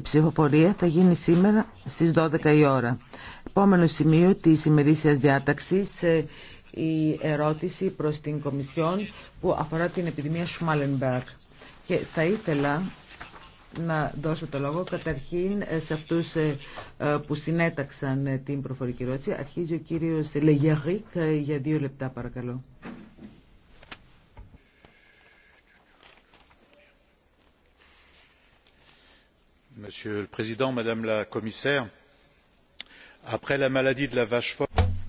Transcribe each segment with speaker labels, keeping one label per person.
Speaker 1: Η ψηφοφορία θα γίνει σήμερα στις 12 η ώρα. Επόμενο σημείο της ημερήσιας διάταξης ε, η ερώτηση προς την Κομισιόν που αφορά την επιδημία Schmallenberg. Και θα ήθελα να δώσω το λόγο καταρχήν ε, σε αυτούς ε, που συνέταξαν την προφορική ερώτηση. Αρχίζει ο κύριος Λεγιαρίκ για δύο λεπτά παρακαλώ.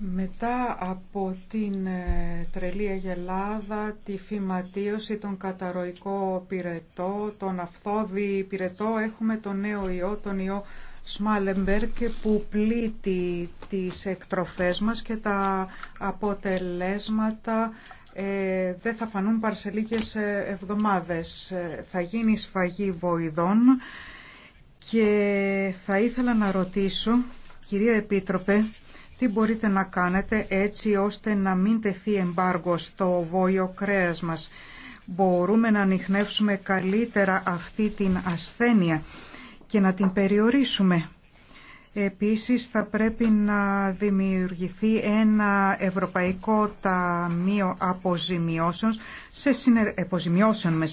Speaker 2: μετά από την ε, τρελή αγελάδα, τη φυματίωση, τον καταρροϊκό πυρετό, τον αυθόδη πυρετό, έχουμε τον νέο ιό, τον ιό Σμάλεμπερκ που πλήττει τις εκτροφές μας και τα αποτελέσματα ε, δεν θα φανούν λίγες ε, εβδομάδες. Θα γίνει σφαγή βοηδών και θα ήθελα να ρωτήσω, κυρία Επίτροπε, τι μπορείτε να κάνετε έτσι ώστε να μην τεθεί εμπάργο στο βόλιο κρέας μας. Μπορούμε να ανοιχνεύσουμε καλύτερα αυτή την ασθένεια και να την περιορίσουμε. Επίσης θα πρέπει να δημιουργηθεί ένα ευρωπαϊκό ταμείο αποζημιώσεων, σε συνεργασία με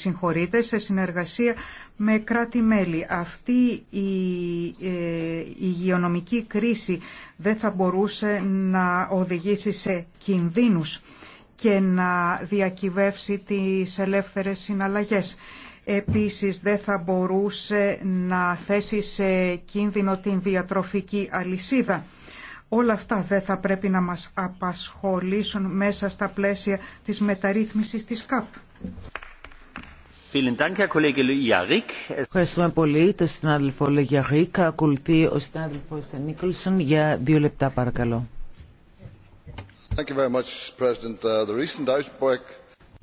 Speaker 2: σε συνεργασία με κράτη-μέλη. Αυτή η, ε, υγειονομική κρίση δεν θα μπορούσε να οδηγήσει σε κινδύνους και να διακυβεύσει τις ελεύθερες συναλλαγές. Επίσης δεν θα μπορούσε να θέσει σε κίνδυνο την διατροφική αλυσίδα. Όλα αυτά δεν θα πρέπει να μας απασχολήσουν μέσα στα πλαίσια της μεταρρύθμισης της ΚΑΠ.
Speaker 3: Ευχαριστούμε
Speaker 1: πολύ τον συνάδελφο Λεγιαρίκ. Ακολουθεί ο συνάδελφο Νίκολσον για δύο λεπτά παρακαλώ.
Speaker 4: Uh,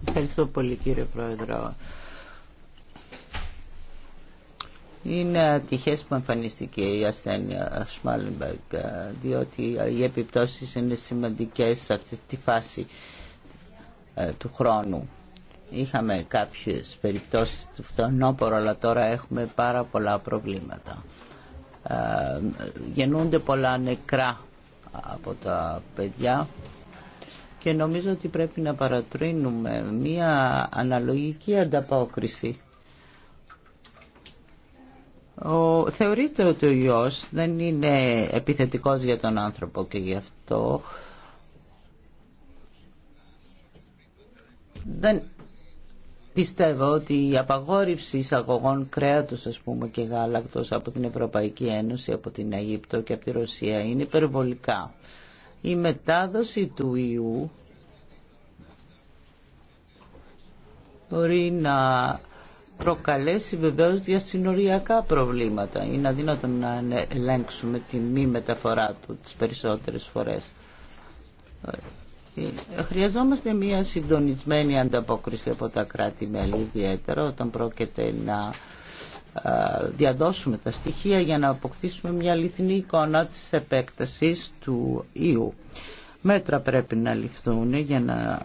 Speaker 4: Ευχαριστώ πολύ κύριε Πρόεδρο. Είναι ατυχέ που εμφανίστηκε η ασθένεια Σμάλενμπεργκ διότι οι επιπτώσει είναι σημαντικέ σε αυτή τη φάση ε, του χρόνου Είχαμε κάποιες περιπτώσεις του φθονόπορου αλλά τώρα έχουμε πάρα πολλά προβλήματα. Ε, γεννούνται πολλά νεκρά από τα παιδιά και νομίζω ότι πρέπει να παρατρύνουμε μία αναλογική ανταπόκριση. Ο, θεωρείται ότι ο ιός δεν είναι επιθετικός για τον άνθρωπο και γι' αυτό δεν Πιστεύω ότι η απαγόρευση εισαγωγών κρέατος ας πούμε και γάλακτος από την Ευρωπαϊκή Ένωση, από την Αίγυπτο και από τη Ρωσία είναι υπερβολικά. Η μετάδοση του ιού μπορεί να προκαλέσει βεβαίως διασυνοριακά προβλήματα. Είναι αδύνατο να ελέγξουμε τη μη μεταφορά του τις περισσότερες φορές. Χρειαζόμαστε μια συντονισμένη ανταπόκριση από τα κράτη-μέλη, ιδιαίτερα όταν πρόκειται να διαδώσουμε τα στοιχεία για να αποκτήσουμε μια αληθινή εικόνα της επέκτασης του ιού. Μέτρα πρέπει να ληφθούν για να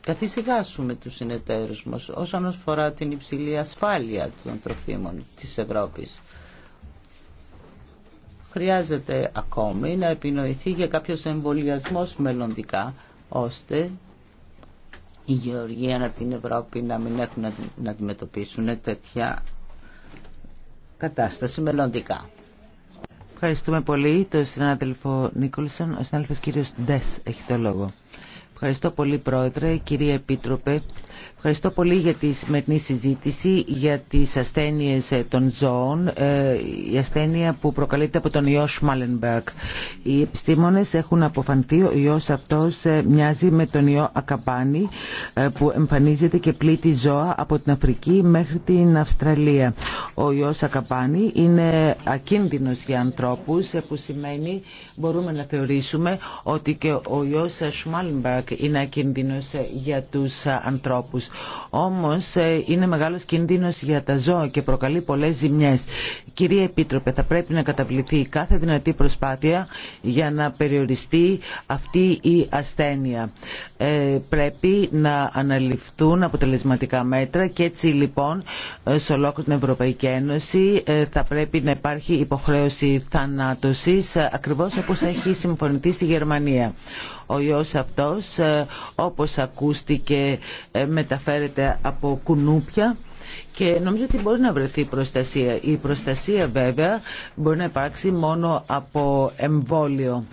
Speaker 4: καθησυχάσουμε τους συνεταίρους μας όσον αφορά την υψηλή ασφάλεια των τροφίμων της Ευρώπης. Χρειάζεται ακόμη να επινοηθεί για κάποιος εμβολιασμός μελλοντικά ώστε η γεωργία να την Ευρώπη να μην έχουν να αντιμετωπίσουν τέτοια
Speaker 1: κατάσταση μελλοντικά. Ευχαριστούμε πολύ τον συνάδελφο Νίκολσον. Ο συνάδελφος κύριος Ντες έχει το λόγο. Ευχαριστώ πολύ Πρόεδρε, κυρία Επίτροπε. Ευχαριστώ πολύ για τη σημερινή συζήτηση για τις ασθένειες ε, των ζώων, ε, η ασθένεια που προκαλείται από τον ιό Σμάλενμπεργκ. Οι επιστήμονες έχουν αποφανθεί, ο ιός αυτός ε, μοιάζει με τον ιό Ακαπάνη που εμφανίζεται και πλήττει ζώα από την Αφρική μέχρι την Αυστραλία. Ο ιός Ακαπάνη είναι ακίνδυνος για ανθρώπους που σημαίνει μπορούμε να θεωρήσουμε ότι και ο ιός Σμάλενμπεργκ είναι ακίνδυνος για τους ανθρώπους. Όμως ε, είναι μεγάλος κινδύνος για τα ζώα και προκαλεί πολλές ζημιές. Κυρία Επίτροπε, θα πρέπει να καταβληθεί κάθε δυνατή προσπάθεια για να περιοριστεί αυτή η ασθένεια. Ε, πρέπει να αναλυφθούν αποτελεσματικά μέτρα και έτσι λοιπόν ε, σε ολόκληρη την Ευρωπαϊκή Ένωση ε, θα πρέπει να υπάρχει υποχρέωση θανάτωσης ακριβώς όπως έχει συμφωνηθεί στη Γερμανία. Ο ιός αυτός όπως ακούστηκε μεταφέρεται από κουνούπια και νομίζω ότι μπορεί να βρεθεί προστασία. Η προστασία βέβαια μπορεί να υπάρξει μόνο από εμβόλιο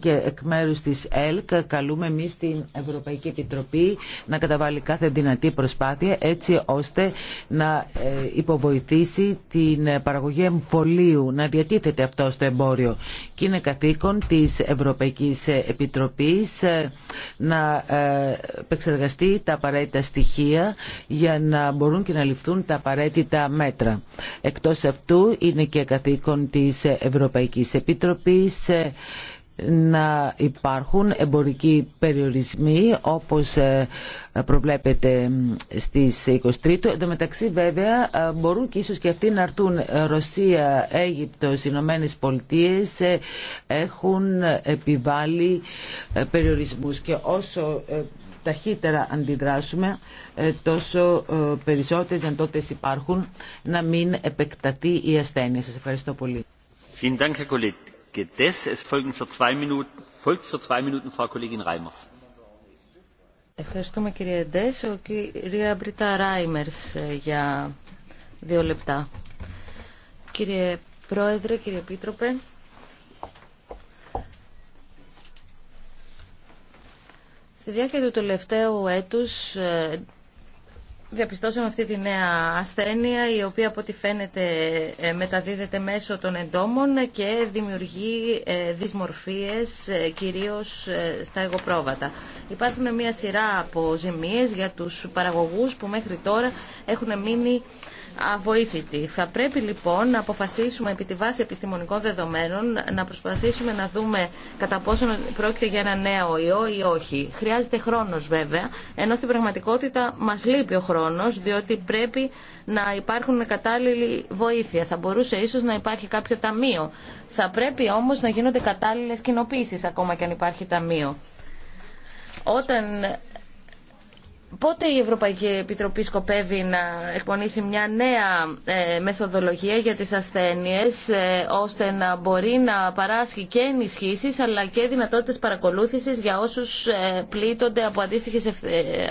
Speaker 1: και εκ μέρους της ΕΛΚ καλούμε εμεί την Ευρωπαϊκή Επιτροπή να καταβάλει κάθε δυνατή προσπάθεια έτσι ώστε να ε, υποβοηθήσει την παραγωγή εμβολίου, να διατίθεται αυτό στο εμπόριο. Και είναι καθήκον της Ευρωπαϊκής Επιτροπής ε, να ε, επεξεργαστεί τα απαραίτητα στοιχεία για να μπορούν και να ληφθούν τα απαραίτητα μέτρα. Εκτός αυτού είναι και καθήκον της Ευρωπαϊκής Επιτροπής ε, να υπάρχουν εμπορικοί περιορισμοί όπως ε, προβλέπεται στις 23 Εν τω μεταξύ βέβαια ε, μπορούν και ίσως και αυτοί να έρθουν Ρωσία, Αίγυπτος, Ηνωμένε Πολιτείε έχουν επιβάλει περιορισμούς και όσο ταχύτερα αντιδράσουμε, ε, τόσο περισσότερο περισσότεροι τότε υπάρχουν να μην επεκτατεί η ασθένεια. Σας
Speaker 5: ευχαριστώ πολύ. Ευχαριστούμε κύριε Ντές. Ο κυρία Μπρίτα Ράιμερς ε, για δύο λεπτά. Κύριε Πρόεδρε, κύριε Επίτροπε, Στη διάρκεια του τελευταίου έτους ε, διαπιστώσαμε αυτή τη νέα ασθένεια η οποία από ό,τι φαίνεται ε, μεταδίδεται μέσω των εντόμων και δημιουργεί ε, δυσμορφίες κυρίως στα εγωπρόβατα. Υπάρχουν μια σειρά από ζημίες για τους παραγωγούς που μέχρι τώρα έχουν μείνει αβοήθητη. Θα πρέπει λοιπόν να αποφασίσουμε επί τη βάση επιστημονικών δεδομένων να προσπαθήσουμε να δούμε κατά πόσο πρόκειται για ένα νέο ιό ή όχι. Χρειάζεται χρόνος βέβαια, ενώ στην πραγματικότητα μας λείπει ο χρόνος, διότι πρέπει να υπάρχουν κατάλληλη βοήθεια. Θα μπορούσε ίσως να υπάρχει κάποιο ταμείο. Θα πρέπει όμως να γίνονται κατάλληλε κοινοποίησει ακόμα και αν υπάρχει ταμείο. Όταν Πότε η Ευρωπαϊκή Επιτροπή σκοπεύει να εκπονήσει μια νέα ε, μεθοδολογία για τις ασθένειες ε, ώστε να μπορεί να παράσχει και ενισχύσεις αλλά και δυνατότητες παρακολούθησης για όσους ε, πλήττονται από αντίστοιχες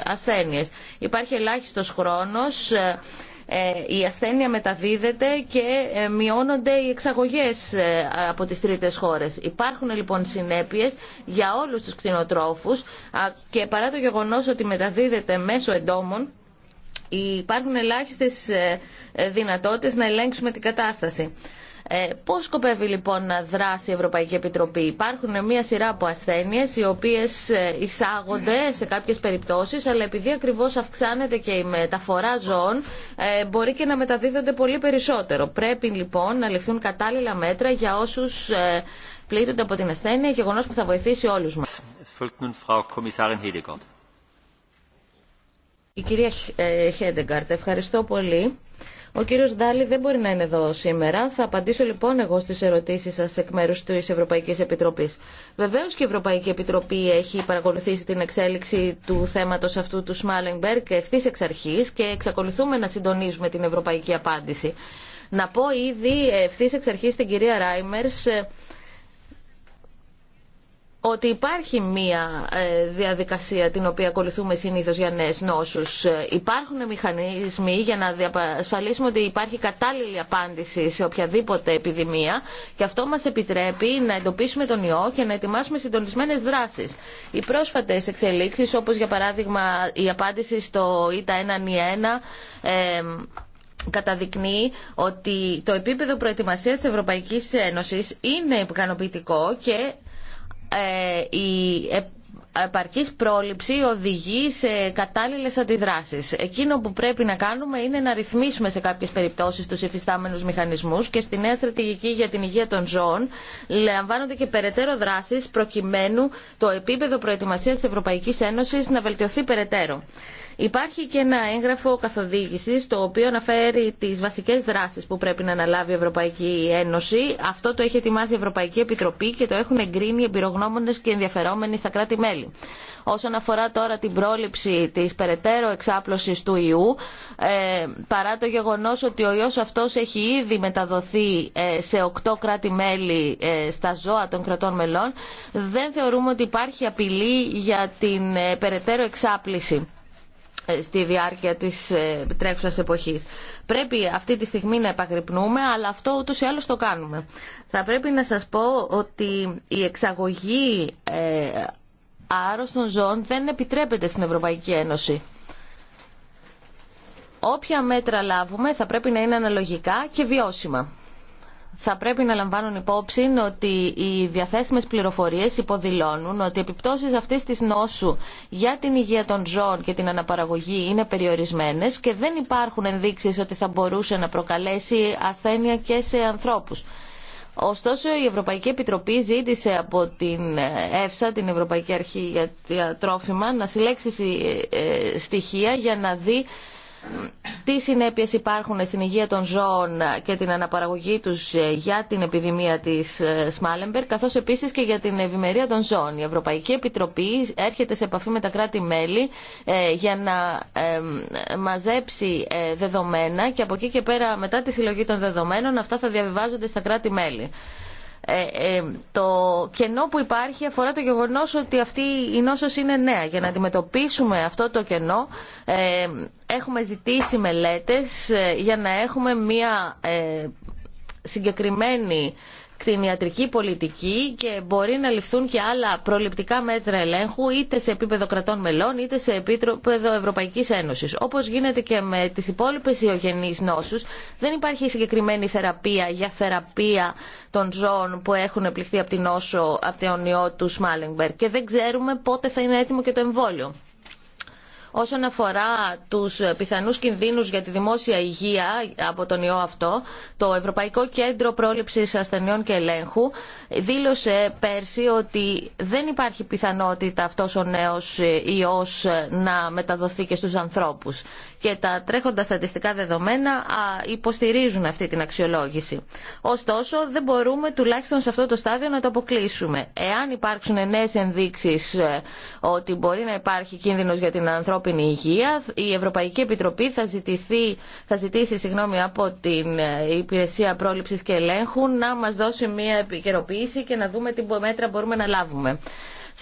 Speaker 5: ασθένειες. Υπάρχει ελάχιστος χρόνος ε, η ασθένεια μεταδίδεται και ε, μειώνονται οι εξαγωγές ε, από τις τρίτες χώρες. Υπάρχουν λοιπόν συνέπειες για όλους τους κτηνοτρόφους και παρά το γεγονός ότι μεταδίδεται μέσω εντόμων υπάρχουν ελάχιστες δυνατότητες να ελέγξουμε την κατάσταση. Ε, πώς σκοπεύει λοιπόν να δράσει η Ευρωπαϊκή Επιτροπή. Υπάρχουν μια σειρά από ασθένειε, οι οποίες ε, εισάγονται σε κάποιες περιπτώσεις αλλά επειδή ακριβώ αυξάνεται και η μεταφορά ζώων ε, μπορεί και να μεταδίδονται πολύ περισσότερο. Πρέπει λοιπόν να ληφθούν κατάλληλα μέτρα για όσους ε, πλήττονται από την ασθένεια, γεγονό που θα βοηθήσει όλου μα. Η κυρία ε, Χέντεγκαρτ, ευχαριστώ πολύ. Ο κύριο Ντάλι δεν μπορεί να είναι εδώ σήμερα. Θα απαντήσω λοιπόν εγώ στις ερωτήσεις σα εκ μέρου τη Ευρωπαϊκής Επιτροπής. Βεβαίως και η Ευρωπαϊκή Επιτροπή έχει παρακολουθήσει την εξέλιξη του θέματος αυτού του Σμάλενμπεργκ ευθύ εξ αρχή και εξακολουθούμε να συντονίζουμε την ευρωπαϊκή απάντηση. Να πω ήδη ευθύ εξ αρχή στην κυρία Ράιμέρ, ότι υπάρχει μία ε, διαδικασία την οποία ακολουθούμε συνήθως για νέες νόσους. Ε, υπάρχουν μηχανισμοί για να διασφαλίσουμε ότι υπάρχει κατάλληλη απάντηση σε οποιαδήποτε επιδημία και αυτό μας επιτρέπει να εντοπίσουμε τον ιό και να ετοιμάσουμε συντονισμένες δράσεις. Οι πρόσφατες εξελίξεις όπως για παράδειγμα η απάντηση στο ΙΤΑ 1 ε, καταδεικνύει ότι το επίπεδο προετοιμασίας της Ευρωπαϊκής Ένωσης είναι ικανοποιητικό και ε, η επαρκής πρόληψη οδηγεί σε κατάλληλες αντιδράσεις. Εκείνο που πρέπει να κάνουμε είναι να ρυθμίσουμε σε κάποιες περιπτώσεις τους υφιστάμενους μηχανισμούς και στη νέα στρατηγική για την υγεία των ζώων λαμβάνονται και περαιτέρω δράσεις προκειμένου το επίπεδο προετοιμασίας της Ευρωπαϊκής Ένωσης να βελτιωθεί περαιτέρω. Υπάρχει και ένα έγγραφο καθοδήγηση το οποίο αναφέρει τι βασικέ δράσει που πρέπει να αναλάβει η Ευρωπαϊκή Ένωση. Αυτό το έχει ετοιμάσει η Ευρωπαϊκή Επιτροπή και το έχουν εγκρίνει εμπειρογνώμονε και ενδιαφερόμενοι στα κράτη-μέλη. Όσον αφορά τώρα την πρόληψη τη περαιτέρω εξάπλωση του ιού, ε, παρά το γεγονό ότι ο ιό αυτό έχει ήδη μεταδοθεί ε, σε οκτώ κράτη-μέλη ε, στα ζώα των κρατών μελών, δεν θεωρούμε ότι υπάρχει απειλή για την περαιτέρω εξάπλωση στη διάρκεια της ε, τρέχουσα εποχής. Πρέπει αυτή τη στιγμή να επαγρυπνούμε, αλλά αυτό ούτω ή άλλω το κάνουμε. Θα πρέπει να σας πω ότι η εξαγωγή ε, άρρωστων ζώων δεν επιτρέπεται στην Ευρωπαϊκή Ένωση. Όποια μέτρα λάβουμε θα πρέπει να είναι αναλογικά και βιώσιμα θα πρέπει να λαμβάνουν υπόψη ότι οι διαθέσιμες πληροφορίες υποδηλώνουν ότι οι επιπτώσεις αυτής της νόσου για την υγεία των ζώων και την αναπαραγωγή είναι περιορισμένες και δεν υπάρχουν ενδείξεις ότι θα μπορούσε να προκαλέσει ασθένεια και σε ανθρώπους. Ωστόσο, η Ευρωπαϊκή Επιτροπή ζήτησε από την ε, ΕΦΣΑ, την Ευρωπαϊκή Αρχή για Τρόφιμα, να συλλέξει ε, στοιχεία για να δει τι συνέπειες υπάρχουν στην υγεία των ζώων και την αναπαραγωγή τους για την επιδημία της ε, Σμάλεμπερ, καθώς επίσης και για την ευημερία των ζώων. Η Ευρωπαϊκή Επιτροπή έρχεται σε επαφή με τα κράτη-μέλη ε, για να ε, μαζέψει δεδομένα και από εκεί και πέρα μετά τη συλλογή των δεδομένων αυτά θα διαβιβάζονται στα κράτη-μέλη. Ε, ε, το κενό που υπάρχει αφορά το γεγονός ότι αυτή η νόσος είναι νέα. Για να αντιμετωπίσουμε αυτό το κενό ε, έχουμε ζητήσει μελέτες ε, για να έχουμε μία ε, συγκεκριμένη κτηνιατρική πολιτική και μπορεί να ληφθούν και άλλα προληπτικά μέτρα ελέγχου είτε σε επίπεδο κρατών μελών είτε σε επίπεδο Ευρωπαϊκής Ένωσης. Όπως γίνεται και με τις υπόλοιπες ιογενείς νόσους, δεν υπάρχει συγκεκριμένη θεραπεία για θεραπεία των ζώων που έχουν επληχθεί από την νόσο από τον ιό του Σμάλενμπερ και δεν ξέρουμε πότε θα είναι έτοιμο και το εμβόλιο όσον αφορά τους πιθανούς κινδύνους για τη δημόσια υγεία από τον ιό αυτό, το Ευρωπαϊκό Κέντρο Πρόληψης Ασθενειών και Ελέγχου δήλωσε πέρσι ότι δεν υπάρχει πιθανότητα αυτός ο νέος ιός να μεταδοθεί και στους ανθρώπους και τα τρέχοντα στατιστικά δεδομένα υποστηρίζουν αυτή την αξιολόγηση. Ωστόσο, δεν μπορούμε τουλάχιστον σε αυτό το στάδιο να το αποκλείσουμε. Εάν υπάρξουν νέε ενδείξει ε, ότι μπορεί να υπάρχει κίνδυνο για την ανθρώπινη υγεία, η Ευρωπαϊκή Επιτροπή θα, θα ζητήσει συγγνώμη, από την ε, Υπηρεσία Πρόληψη και Ελέγχου να μα δώσει μια επικαιροποίηση και να δούμε τι μέτρα μπορούμε να λάβουμε.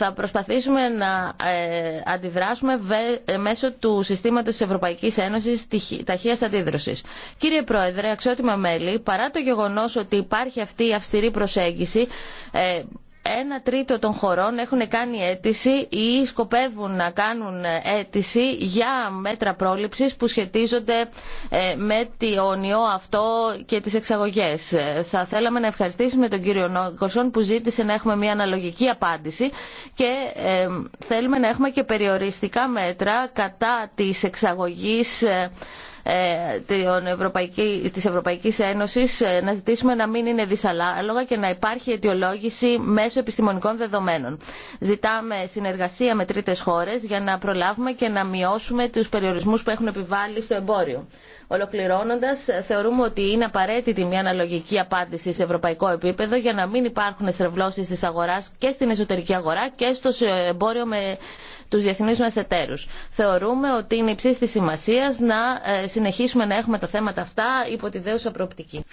Speaker 5: Θα προσπαθήσουμε να ε, αντιδράσουμε ε, μέσω του συστήματος της Ευρωπαϊκής Ένωσης ταχείας αντίδρασης. Κύριε Πρόεδρε, αξιότιμα μέλη, παρά το γεγονός ότι υπάρχει αυτή η αυστηρή προσέγγιση, ε, ένα τρίτο των χωρών έχουν κάνει αίτηση ή σκοπεύουν να κάνουν αίτηση για μέτρα πρόληψης που σχετίζονται ε, με τον ιό αυτό και τις εξαγωγές. Ε, θα θέλαμε να ευχαριστήσουμε τον κύριο Νόγκορσον που ζήτησε να έχουμε μια αναλογική απάντηση και ε, θέλουμε να έχουμε και περιοριστικά μέτρα κατά της εξαγωγής ε, της Ευρωπαϊκής Ένωσης ε, να ζητήσουμε να μην είναι δυσαλάλογα και να υπάρχει αιτιολόγηση μέσω επιστημονικών δεδομένων. Ζητάμε συνεργασία με τρίτες χώρες για να προλάβουμε και να μειώσουμε τους περιορισμούς που έχουν επιβάλει στο εμπόριο. Ολοκληρώνοντα, θεωρούμε ότι είναι απαραίτητη μια αναλογική απάντηση σε ευρωπαϊκό επίπεδο για να μην υπάρχουν στρεβλώσει τη αγορά και στην εσωτερική αγορά και στο εμπόριο με του διεθνεί μα εταίρου. Θεωρούμε ότι είναι υψή τη σημασία να ε, συνεχίσουμε να έχουμε τα θέματα αυτά υπό τη δέουσα προοπτική.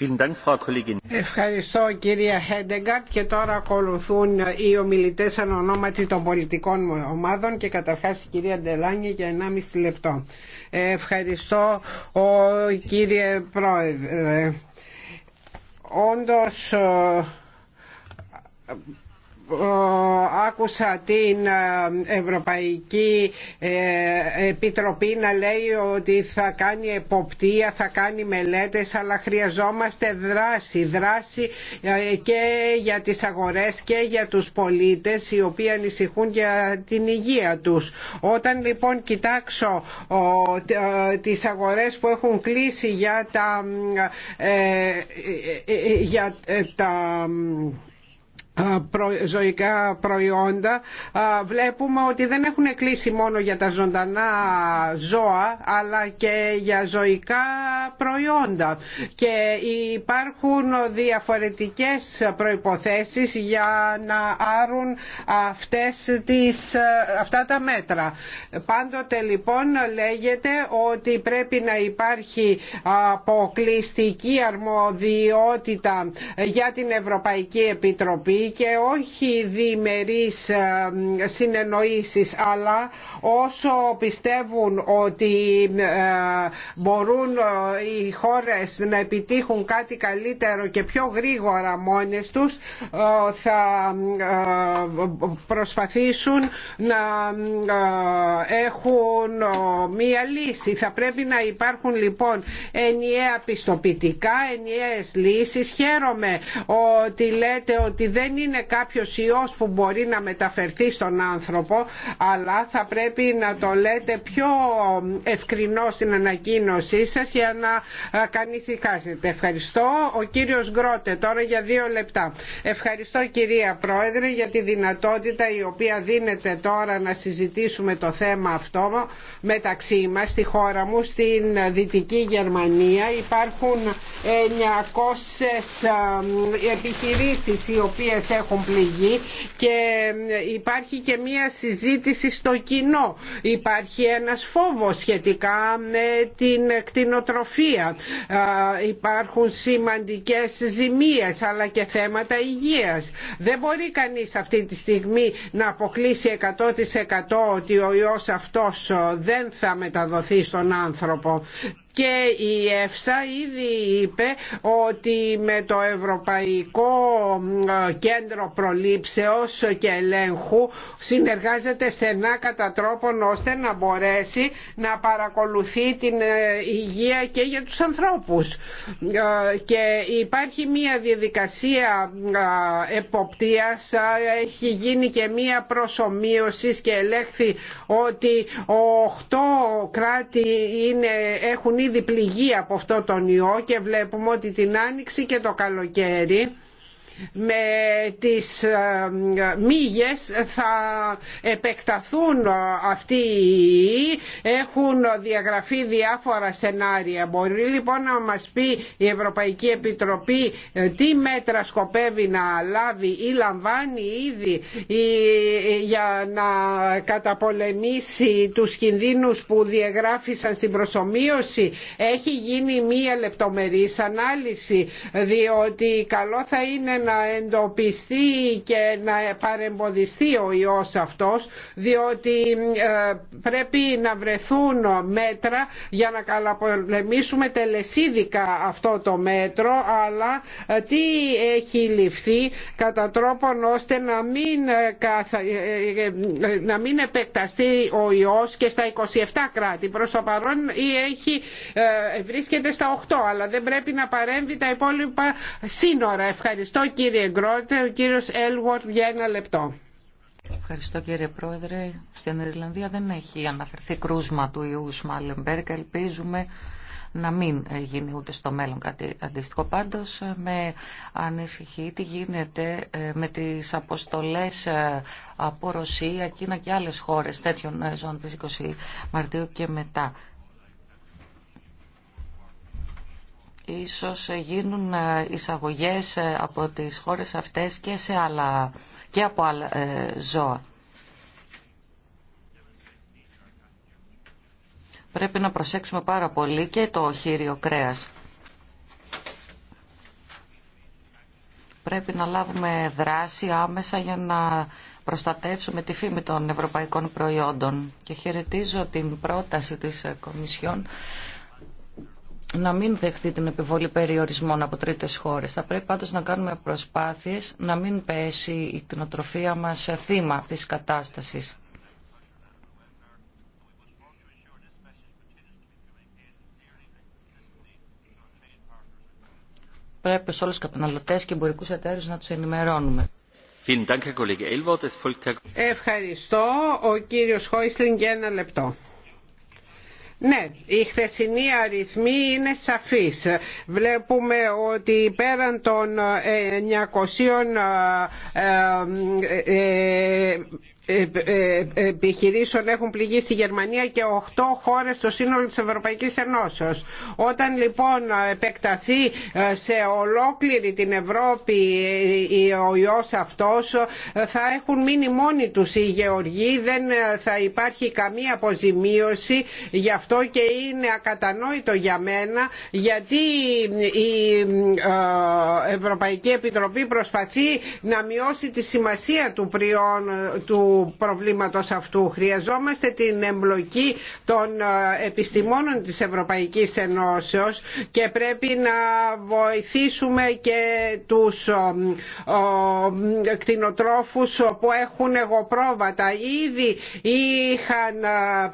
Speaker 6: Ευχαριστώ κυρία Χέντεγκαρτ και τώρα ακολουθούν οι ομιλητέ εν ονόματι των πολιτικών ομάδων και καταρχά η κυρία Ντελάνια για 1,5 λεπτό. Ευχαριστώ ο, κύριε Πρόεδρε. Όντως άκουσα την ε, Ευρωπαϊκή ε, Επιτροπή να λέει ότι θα κάνει εποπτεία, θα κάνει μελέτες αλλά χρειαζόμαστε δράση δράση ε, και για τις αγορές και για τους πολίτες οι οποίοι ανησυχούν για την υγεία τους. Όταν λοιπόν κοιτάξω τις αγορές που έχουν κλείσει για τα για τα ζωικά προϊόντα βλέπουμε ότι δεν έχουν κλείσει μόνο για τα ζωντανά ζώα αλλά και για ζωικά προϊόντα και υπάρχουν διαφορετικές προϋποθέσεις για να άρουν αυτές τις, αυτά τα μέτρα. Πάντοτε λοιπόν λέγεται ότι πρέπει να υπάρχει αποκλειστική αρμοδιότητα για την Ευρωπαϊκή Επιτροπή και όχι διμερείς ε, συνεννοήσεις αλλά όσο πιστεύουν ότι ε, μπορούν ε, οι χώρες να επιτύχουν κάτι καλύτερο και πιο γρήγορα μόνες τους θα προσπαθήσουν να έχουν μία λύση. Θα πρέπει να υπάρχουν λοιπόν ενιαία πιστοποιητικά, ενιαίες λύσεις. Χαίρομαι ότι λέτε ότι δεν είναι κάποιος ιός που μπορεί να μεταφερθεί στον άνθρωπο αλλά θα πρέπει να το λέτε πιο ευκρινό στην ανακοίνωσή σας για να κάνει Ευχαριστώ. Ο κύριος Γκρότε τώρα για δύο λεπτά. Ευχαριστώ κυρία Πρόεδρε για τη δυνατότητα η οποία δίνεται τώρα να συζητήσουμε το θέμα αυτό μεταξύ μας στη χώρα μου στην Δυτική Γερμανία υπάρχουν 900 επιχειρήσεις οι οποίες έχουν πληγεί και υπάρχει και μία συζήτηση στο κοινό. Υπάρχει ένας φόβος σχετικά με την κτηνοτροφία. Υπάρχουν σημαντικές ζημίες αλλά και θέματα υγείας. Δεν μπορεί κανείς αυτή τη στιγμή να αποκλείσει 100% ότι ο ιός αυτός δεν θα μεταδοθεί στον άνθρωπο και η ΕΦΣΑ ήδη είπε ότι με το Ευρωπαϊκό Κέντρο Προλήψεως και Ελέγχου συνεργάζεται στενά κατά τρόπον ώστε να μπορέσει να παρακολουθεί την ε, υγεία και για τους ανθρώπους ε, και υπάρχει μια διαδικασία ε, εποπτείας έχει γίνει και μια προσωμείωση και ελέγχθη ότι 8 κράτη είναι, έχουν ήδη από αυτό τον ιό και βλέπουμε ότι την άνοιξη και το καλοκαίρι με τις ε, μύγες θα επεκταθούν αυτοί οι έχουν διαγραφεί διάφορα σενάρια. Μπορεί λοιπόν να μας πει η Ευρωπαϊκή Επιτροπή ε, τι μέτρα σκοπεύει να λάβει ή λαμβάνει ήδη για να καταπολεμήσει τους κινδύνους που διαγράφησαν στην προσωμείωση. Έχει γίνει μία λεπτομερής ανάλυση διότι καλό θα είναι να εντοπιστεί και να παρεμποδιστεί ο ιός αυτός διότι ε, πρέπει να βρεθούν μέτρα για να καλαπολεμήσουμε τελεσίδικα αυτό το μέτρο αλλά ε, τι έχει ληφθεί κατά τρόπον ώστε να μην, ε, να μην επεκταστεί ο ιός και στα 27 κράτη προς το παρόν ή έχει, βρίσκεται στα 8 αλλά δεν πρέπει να παρέμβει τα υπόλοιπα σύνορα. Ευχαριστώ κύριε Γκρότε. Ο κύριος Έλγουαρτ για ένα λεπτό. Ευχαριστώ κύριε
Speaker 7: Πρόεδρε. Στην Ιρλανδία δεν έχει αναφερθεί κρούσμα του ιού Σμάλεμπεργκ. Ελπίζουμε να μην γίνει ούτε στο μέλλον κάτι αντίστοιχο. Πάντως με ανησυχεί τι γίνεται ε, με τις αποστολές ε, από Ρωσία, Κίνα και άλλες χώρες τέτοιων ε, ζώνων 20 Μαρτίου και μετά. ίσως γίνουν ε, εισαγωγές ε, από τις χώρες αυτές και, σε άλλα, και από άλλα ε, ζώα. Πρέπει να προσέξουμε πάρα πολύ και το χείριο κρέας. Πρέπει να λάβουμε δράση άμεσα για να προστατεύσουμε τη φήμη των ευρωπαϊκών προϊόντων. Και χαιρετίζω την πρόταση της Κομισιόν να μην δεχτεί την επιβολή περιορισμών από τρίτες χώρες. Θα πρέπει πάντως να κάνουμε προσπάθειες να μην πέσει η κτηνοτροφία μας σε θύμα αυτής της κατάστασης. Πρέπει σε όλους τους καταναλωτές και
Speaker 6: εμπορικούς εταίρους να τους ενημερώνουμε. Ευχαριστώ. Ο κύριος Χόισλινγκ για ένα λεπτό. Ναι, η χθεσινή αριθμή είναι σαφής. Βλέπουμε ότι πέραν των 900 ε, ε, επιχειρήσεων έχουν πληγεί στη Γερμανία και 8 χώρες στο σύνολο της Ευρωπαϊκής Ενώσεως. Όταν λοιπόν επεκταθεί ε, σε ολόκληρη την Ευρώπη ο ιός αυτός θα έχουν μείνει μόνοι τους οι γεωργοί, δεν θα υπάρχει καμία αποζημίωση γι' αυτό και είναι ακατανόητο για μένα γιατί η Ευρωπαϊκή Επιτροπή προσπαθεί να μειώσει τη σημασία του πριών του προβλήματος αυτού. Χρειαζόμαστε την εμπλοκή των ε, επιστημόνων της Ευρωπαϊκής Ενώσεως και πρέπει να βοηθήσουμε και τους ε, ε, κτηνοτρόφους που έχουν εγωπρόβατα. Ήδη είχαν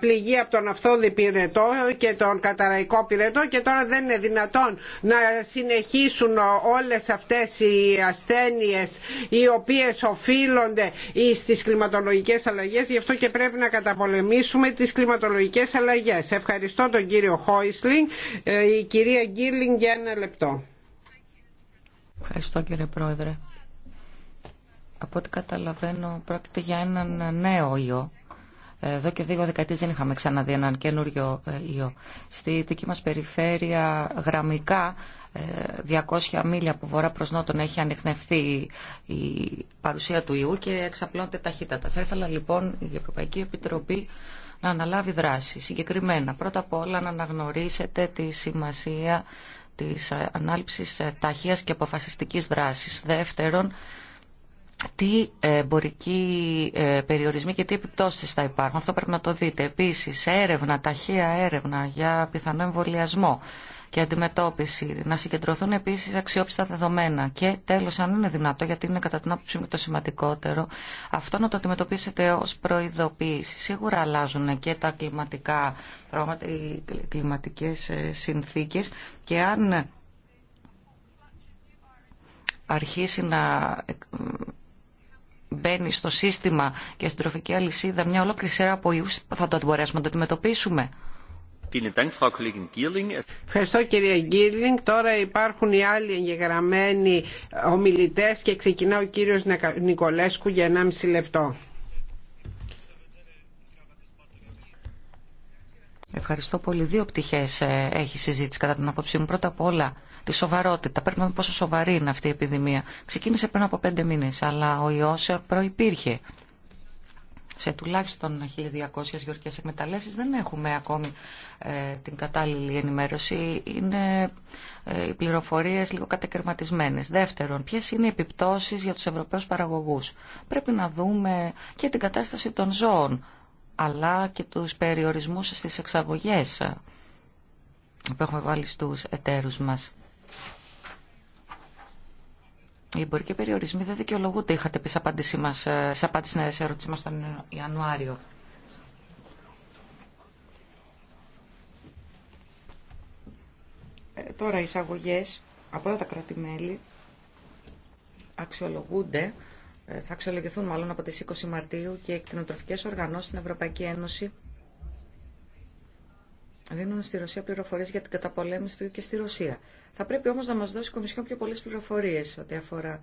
Speaker 6: πληγεί από τον αυθόδη πυρετό και τον καταραϊκό πυρετό και τώρα δεν είναι δυνατόν να συνεχίσουν όλες αυτές οι ασθένειες οι οποίες οφείλονται στις κλιματολογικές κλιματολογικές αλλαγές, γι' αυτό και πρέπει να καταπολεμήσουμε τις κλιματολογικές αλλαγές. Ευχαριστώ τον κύριο Χόισλινγκ. Ε, η κυρία Γκίλινγκ για ένα λεπτό.
Speaker 7: Ευχαριστώ κύριε Πρόεδρε. Από ό,τι καταλαβαίνω πρόκειται για έναν νέο ιό. Εδώ και δύο δεκαετίες δεν είχαμε ξαναδεί έναν καινούριο ε, ιό. Στη δική μας περιφέρεια γραμμικά 200 μίλια από βορρά προς νότον έχει ανιχνευτεί η παρουσία του ιού και εξαπλώνεται ταχύτατα. Θα ήθελα λοιπόν η Ευρωπαϊκή Επιτροπή να αναλάβει δράση συγκεκριμένα. Πρώτα απ' όλα να αναγνωρίσετε τη σημασία της ανάληψης ταχείας και αποφασιστικής δράσης. Δεύτερον, τι εμπορικοί ε, περιορισμοί και τι επιπτώσεις θα υπάρχουν. Αυτό πρέπει να το δείτε. Επίσης, έρευνα, ταχεία έρευνα για πιθανό εμβολιασμό και αντιμετώπιση. Να συγκεντρωθούν επίση αξιόπιστα δεδομένα. Και τέλο, αν είναι δυνατό, γιατί είναι κατά την άποψή μου το σημαντικότερο, αυτό να το αντιμετωπίσετε ω προειδοποίηση. Σίγουρα αλλάζουν και τα κλιματικά πράγματα, οι κλιματικέ ε, συνθήκε και αν αρχίσει να ε, μπαίνει στο σύστημα και στην τροφική αλυσίδα
Speaker 6: μια ολόκληρη σειρά από ιούς θα το να το αντιμετωπίσουμε. Ευχαριστώ κυρία Γκίρλινγκ. Τώρα υπάρχουν οι άλλοι εγγεγραμμένοι ομιλητές και ξεκινά ο κύριο Νικολέσκου για 1,5 λεπτό.
Speaker 7: Ευχαριστώ πολύ. Δύο πτυχέ ε, έχει συζήτηση κατά την άποψή μου. Πρώτα απ' όλα τη σοβαρότητα. Πρέπει να δούμε πόσο σοβαρή είναι αυτή η επιδημία. Ξεκίνησε πριν από πέντε μήνε, αλλά ο ιό προπήρχε σε τουλάχιστον 1.200 γεωργικές εκμεταλλεύσεις δεν έχουμε ακόμη ε, την κατάλληλη ενημέρωση. Είναι ε, οι πληροφορίες λίγο κατακαιρματισμένες. Δεύτερον, ποιες είναι οι επιπτώσεις για τους Ευρωπαίους παραγωγούς. Πρέπει να δούμε και την κατάσταση των ζώων, αλλά και τους περιορισμούς στις εξαγωγές που έχουμε βάλει στους εταίρους μας. Οι εμπορικοί περιορισμοί δεν δικαιολογούνται, είχατε πει σε απάντησή μας, ε, σε απάντηση ε, σε ερώτησή μας τον Ιανουάριο. Ε, τώρα οι εισαγωγές από τα κράτη-μέλη αξιολογούνται, ε, θα αξιολογηθούν μάλλον από τις 20 Μαρτίου και οι εκτινοτροφικές οργανώσεις στην Ευρωπαϊκή Ένωση δίνουν στη Ρωσία πληροφορίες για την καταπολέμηση του και στη Ρωσία. Θα πρέπει όμως να μας δώσει η Κομισιόν πιο πολλές πληροφορίες ό,τι αφορά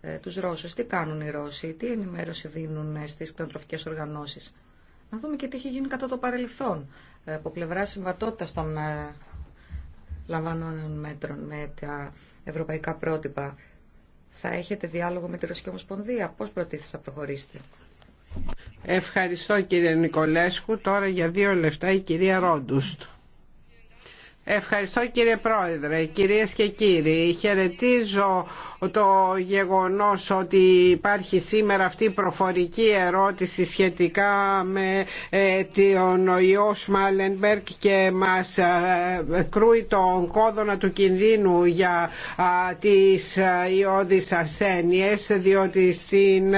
Speaker 7: ε, τους Ρώσους. Τι κάνουν οι Ρώσοι, τι ενημέρωση δίνουν ε, στις κτηνοτροφικέ οργανώσεις. Να δούμε και τι έχει γίνει κατά το παρελθόν ε, από πλευρά συμβατότητα των ε, λαμβανών μέτρων με τα ευρωπαϊκά πρότυπα. Θα έχετε διάλογο με τη Ρωσική Ομοσπονδία. Πώς προτίθεστε να προχωρήσετε.
Speaker 6: Ευχαριστώ κύριε Νικολέσκου. Τώρα για δύο λεπτά η κυρία Ρόντουστ. Ευχαριστώ κύριε Πρόεδρε, κυρίες και κύριοι. Χαιρετίζω το γεγονός ότι υπάρχει σήμερα αυτή η προφορική ερώτηση σχετικά με ε, τον ιό Σμάλενμπερκ και μας ε, κρούει τον κόδωνα του κινδύνου για τις ε, ιώδεις ασθένειες διότι στην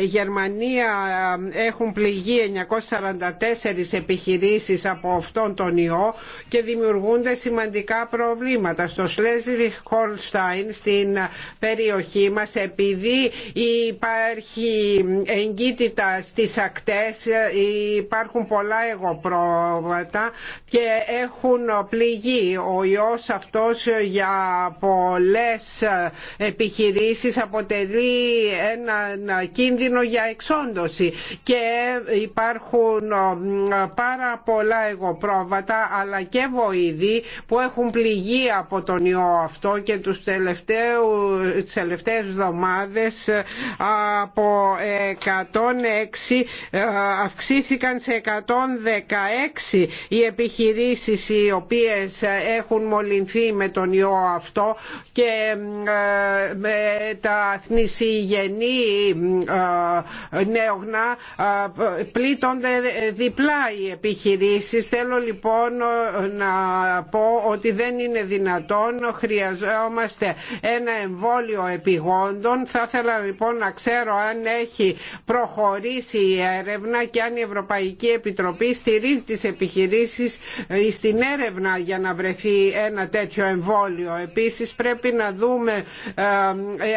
Speaker 6: Γερμανία έχουν πληγεί 944 επιχειρήσεις από αυτόν τον ιό και δημιουργούν δημιουργούνται σημαντικά προβλήματα. Στο Σλέζιβι Χολστάιν στην περιοχή μας επειδή υπάρχει εγκύτητα στις ακτές υπάρχουν πολλά εγωπρόβατα και έχουν πληγεί ο ιός αυτός για πολλές επιχειρήσεις αποτελεί ένα κίνδυνο για εξόντωση και υπάρχουν πάρα πολλά εγωπρόβατα αλλά και βοήθεια που έχουν πληγεί από τον ιό αυτό και τους τελευταίου, τις τελευταίες εβδομάδες ε, από 106 ε, αυξήθηκαν σε 116 οι επιχειρήσεις οι οποίες έχουν μολυνθεί με τον ιό αυτό και ε, με τα θνησιγενή νεογνά πλήττονται διπλά οι επιχειρήσεις. Θέλω λοιπόν να ότι δεν είναι δυνατόν, χρειαζόμαστε ένα εμβόλιο επιγόντων. Θα ήθελα λοιπόν να ξέρω αν έχει προχωρήσει η έρευνα και αν η Ευρωπαϊκή Επιτροπή στηρίζει τις επιχειρήσεις ε, στην έρευνα για να βρεθεί ένα τέτοιο εμβόλιο. Επίσης πρέπει να δούμε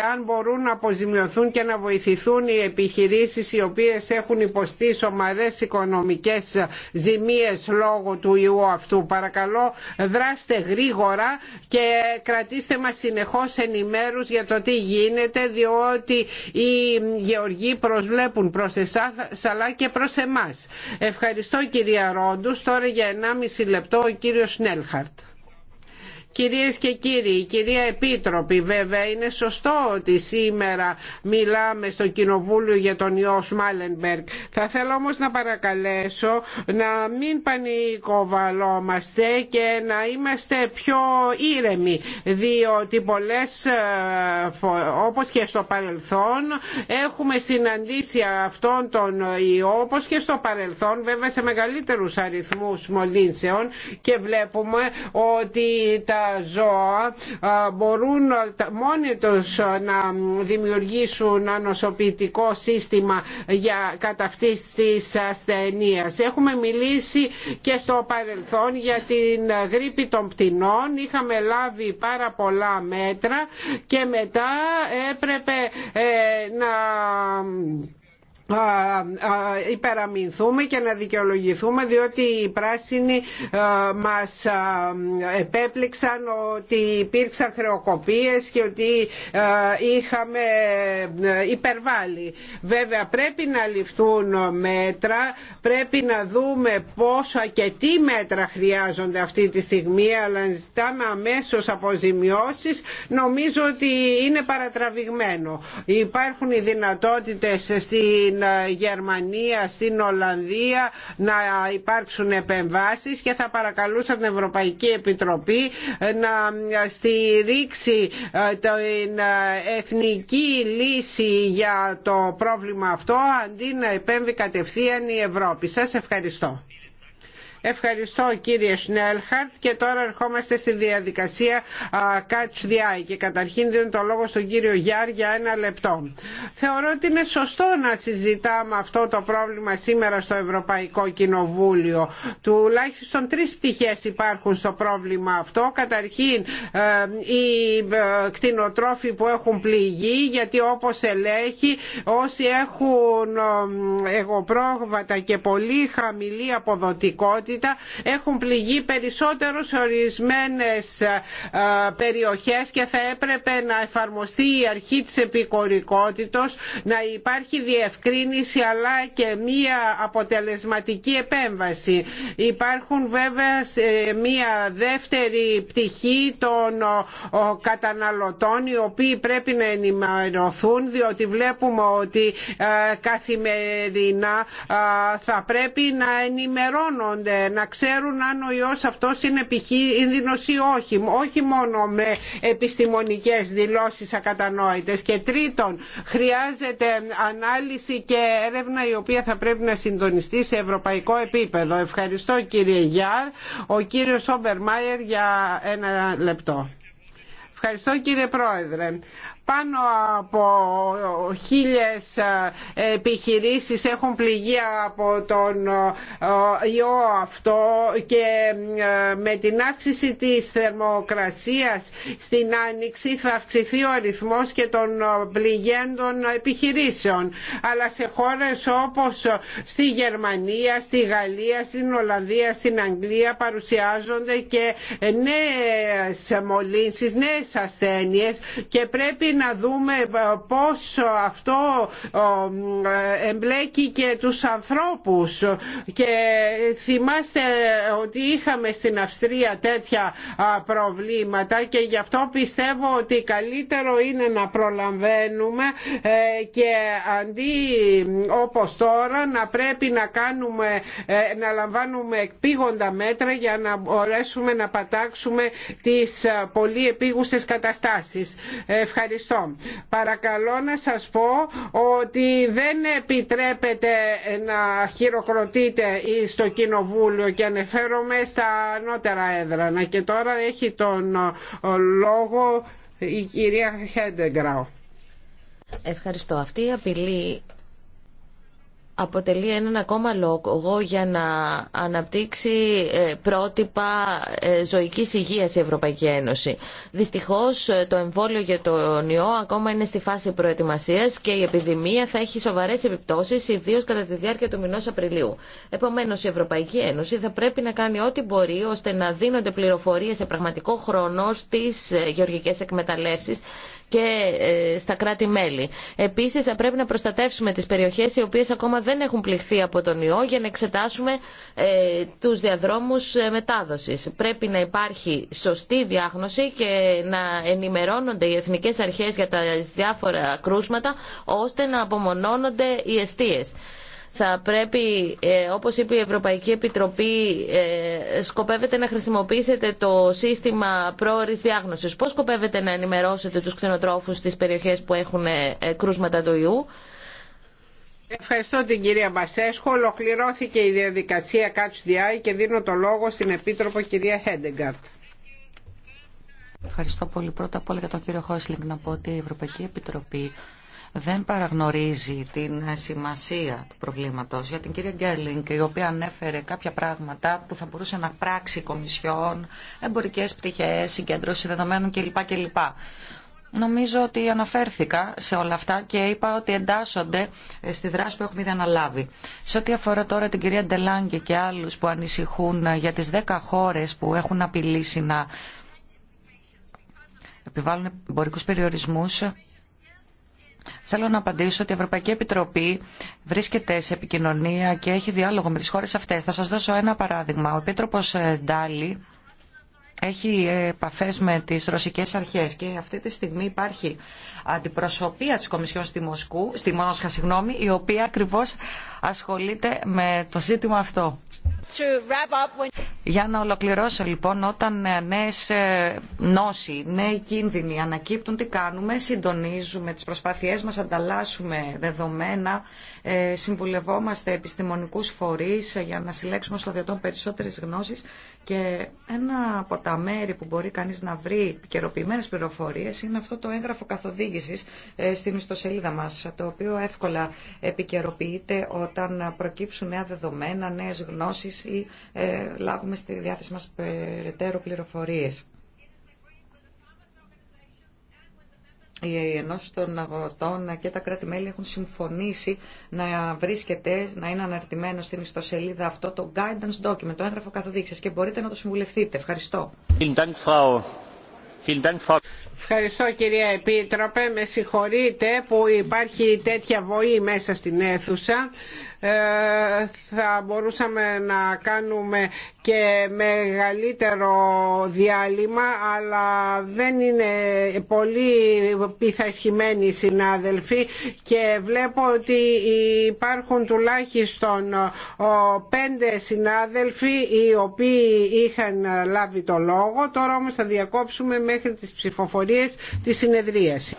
Speaker 6: αν ε, μπορούν να αποζημιωθούν και να βοηθηθούν οι επιχειρήσεις οι οποίες έχουν υποστεί σωμαρές οικονομικές ε, ζημίες λόγω του ιού αυτού. Παρακαλώ δράστε γρήγορα και κρατήστε μας συνεχώς ενημέρους για το τι γίνεται διότι οι γεωργοί προσβλέπουν προς εσάς αλλά και προς εμάς. Ευχαριστώ κυρία Ρόντους. Τώρα για 1,5 λεπτό ο κύριος Σνέλχαρτ. Κυρίες και κύριοι, κυρία Επίτροπη, βέβαια είναι σωστό ότι σήμερα μιλάμε στο Κοινοβούλιο για τον ιό Σμάλενμπεργκ. Θα θέλω όμως να παρακαλέσω να μην πανικοβαλόμαστε και να είμαστε πιο ήρεμοι, διότι πολλές, ε, όπως και στο παρελθόν, έχουμε συναντήσει αυτόν τον ιό, όπως και στο παρελθόν, βέβαια σε μεγαλύτερους αριθμούς μολύνσεων και βλέπουμε ότι τα ζώα μπορούν μόνοι τους να δημιουργήσουν ανοσοποιητικό σύστημα για κατά αυτής της Έχουμε μιλήσει και στο παρελθόν για την γρήπη των πτηνών. Είχαμε λάβει πάρα πολλά μέτρα και μετά έπρεπε ε, να υπεραμεινθούμε και να δικαιολογηθούμε διότι οι πράσινοι μας επέπληξαν ότι υπήρξαν χρεοκοπίες και ότι είχαμε ε, υπερβάλλει. Βέβαια πρέπει να ληφθούν μέτρα, πρέπει να δούμε πόσα και τι μέτρα χρειάζονται αυτή τη στιγμή αλλά ζητάμε αμέσως αποζημιώσεις νομίζω ότι είναι παρατραβηγμένο. Υπάρχουν οι δυνατότητες στην στην ε, Γερμανία, στην Ολλανδία να υπάρξουν επεμβάσεις και θα παρακαλούσα την Ευρωπαϊκή Επιτροπή ε, να ε, στηρίξει την εθνική λύση για το πρόβλημα αυτό αντί να επέμβει κατευθείαν η Ευρώπη. Σας ευχαριστώ. Ευχαριστώ κύριε Σνέλχαρτ και τώρα ερχόμαστε στη διαδικασία Catch the Eye και καταρχήν δίνω το λόγο στον κύριο Γιάρ για ένα λεπτό. Θεωρώ ότι είναι σωστό να συζητάμε αυτό το πρόβλημα σήμερα στο Ευρωπαϊκό Κοινοβούλιο. Τουλάχιστον τρεις πτυχές υπάρχουν στο πρόβλημα αυτό. Καταρχήν ε, οι ε, κτηνοτρόφοι που έχουν πληγεί γιατί όπως ελέγχει όσοι έχουν ε, εγωπρόβατα και πολύ χαμηλή αποδοτικότητα έχουν πληγεί περισσότερο σε ορισμένες ε, περιοχές και θα έπρεπε να εφαρμοστεί η αρχή της επικορικότητος, να υπάρχει διευκρίνηση αλλά και μία αποτελεσματική επέμβαση. Υπάρχουν βέβαια μία δεύτερη πτυχή των καταναλωτών οι οποίοι πρέπει να ενημερωθούν διότι βλέπουμε ότι ε, καθημερινά ε, θα πρέπει να ενημερώνονται να ξέρουν αν ο ιός αυτός είναι επικίνδυνος ή όχι. Όχι μόνο με επιστημονικές δηλώσεις ακατανόητες. Και τρίτον, χρειάζεται ανάλυση και έρευνα η οποία θα πρέπει να συντονιστεί σε ευρωπαϊκό επίπεδο. Ευχαριστώ κύριε Γιάρ. Ο κύριος Όμπερ Μάιερ για ένα λεπτό. Ευχαριστώ κύριε Πρόεδρε. Πάνω από χίλιες ε, επιχειρήσεις έχουν πληγεί από τον ε, ιό αυτό και ε, με την αύξηση της θερμοκρασίας στην άνοιξη θα αυξηθεί ο αριθμός και των πληγέντων επιχειρήσεων. Αλλά σε χώρες όπως στη Γερμανία, στη Γαλλία, στην Ολλανδία, στην Αγγλία παρουσιάζονται και νέες μολύνσεις, νέες ασθένειες και πρέπει να δούμε ε, πώς αυτό ε, εμπλέκει και τους ανθρώπους και θυμάστε ότι είχαμε στην Αυστρία τέτοια προβλήματα και γι' αυτό πιστεύω ότι καλύτερο είναι να προλαμβαίνουμε ε, και αντί όπως τώρα να πρέπει να κάνουμε να λαμβάνουμε επίγοντα μέτρα για να μπορέσουμε να πατάξουμε τις πολύ επίγουσες καταστάσεις. Ευχαριστώ Παρακαλώ να σας πω ότι δεν επιτρέπεται να χειροκροτείτε στο Κοινοβούλιο και ανεφέρομαι στα ανώτερα έδρανα. Και τώρα έχει τον λόγο η κυρία Χέντεγκραου.
Speaker 5: Ευχαριστώ. Αυτή η απειλή αποτελεί έναν ακόμα λόγο για να αναπτύξει ε, πρότυπα ε, ζωικής υγείας η Ευρωπαϊκή Ένωση. Δυστυχώς ε, το εμβόλιο για τον ιό ακόμα είναι στη φάση προετοιμασίας και η επιδημία θα έχει σοβαρές επιπτώσεις ιδίως κατά τη διάρκεια του μηνός Απριλίου. Επομένως η Ευρωπαϊκή Ένωση θα πρέπει να κάνει ό,τι μπορεί ώστε να δίνονται πληροφορίες σε πραγματικό χρόνο στις γεωργικές εκμεταλλεύσεις και ε, στα κράτη-μέλη. Επίσης θα πρέπει να προστατεύσουμε τις περιοχές οι οποίες ακόμα δεν έχουν πληχθεί από τον ιό για να εξετάσουμε ε, τους διαδρόμους ε, μετάδοσης. Πρέπει να υπάρχει σωστή διάγνωση και να ενημερώνονται οι εθνικές αρχές για τα διάφορα κρούσματα ώστε να απομονώνονται οι αιστείε θα πρέπει, ε, όπως είπε η Ευρωπαϊκή Επιτροπή, ε, σκοπεύετε να χρησιμοποιήσετε το σύστημα πρόορης διάγνωσης. Πώς σκοπεύετε να ενημερώσετε τους κτηνοτρόφους στις περιοχές που έχουν ε, κρούσματα του ιού.
Speaker 6: Ευχαριστώ την κυρία Μπασέσχο. Ολοκληρώθηκε η διαδικασία Catch the Eye και δίνω το λόγο στην Επίτροπο κυρία Χέντεγκαρτ.
Speaker 7: Ευχαριστώ πολύ. Πρώτα απ' όλα για τον κύριο Χόσλινγκ να πω ότι η Ευρωπαϊκή Επιτροπή δεν παραγνωρίζει την σημασία του προβλήματος για την κυρία Γκέρλινγκ, η οποία ανέφερε κάποια πράγματα που θα μπορούσε να πράξει η Κομισιόν, εμπορικές πτυχές, συγκέντρωση δεδομένων κλπ. κλπ. Νομίζω ότι αναφέρθηκα σε όλα αυτά και είπα ότι εντάσσονται στη δράση που έχουμε ήδη αναλάβει. Σε ό,τι αφορά τώρα την κυρία Ντελάνγκη και άλλους που ανησυχούν για τις 10 χώρες που έχουν απειλήσει να επιβάλλουν εμπορικούς περιορισμούς, Θέλω να απαντήσω ότι η Ευρωπαϊκή Επιτροπή βρίσκεται σε επικοινωνία και έχει διάλογο με τις χώρες αυτές. Θα σας δώσω ένα παράδειγμα. Ο Επίτροπος ε, Ντάλι έχει επαφέ με τις ρωσικές αρχές και αυτή τη στιγμή υπάρχει αντιπροσωπεία της Κομισιόν στη, Μοσκού, στη Μόσχα, συγγνώμη, η οποία ακριβώ ασχολείται με το ζήτημα αυτό. Για να ολοκληρώσω λοιπόν, όταν ε, νέε ε, νόσοι, νέοι κίνδυνοι ανακύπτουν, τι κάνουμε, συντονίζουμε τις προσπάθειές μας, ανταλλάσσουμε δεδομένα, ε, συμβουλευόμαστε επιστημονικούς φορείς για να συλλέξουμε στο δυνατόν περισσότερες γνώσεις και ένα από τα μέρη που μπορεί κανείς να βρει επικαιροποιημένε πληροφορίες είναι αυτό το έγγραφο καθοδήγησης ε, στην ιστοσελίδα μας, το οποίο εύκολα επικαιροποιείται όταν προκύψουν νέα δεδομένα, νέες γνώσεις ή ε, λάβουμε στη διάθεση μας περαιτέρω πληροφορίες. οι ενώσει των αγροτών και τα κράτη-μέλη έχουν συμφωνήσει να βρίσκεται, να είναι αναρτημένο στην ιστοσελίδα αυτό το guidance document, το έγγραφο καθοδήγηση και μπορείτε να το συμβουλευτείτε. Ευχαριστώ.
Speaker 6: Ευχαριστώ κυρία Επίτροπε. Με συγχωρείτε που υπάρχει τέτοια βοή μέσα στην αίθουσα. Ε, θα μπορούσαμε να κάνουμε και μεγαλύτερο διάλειμμα αλλά δεν είναι πολύ πειθαρχημένοι οι συνάδελφοι και βλέπω ότι υπάρχουν τουλάχιστον πέντε συνάδελφοι οι οποίοι είχαν λάβει το λόγο. Τώρα όμως θα διακόψουμε μέχρι τις ψηφοφορίες πληροφορίες της συνεδρίασης.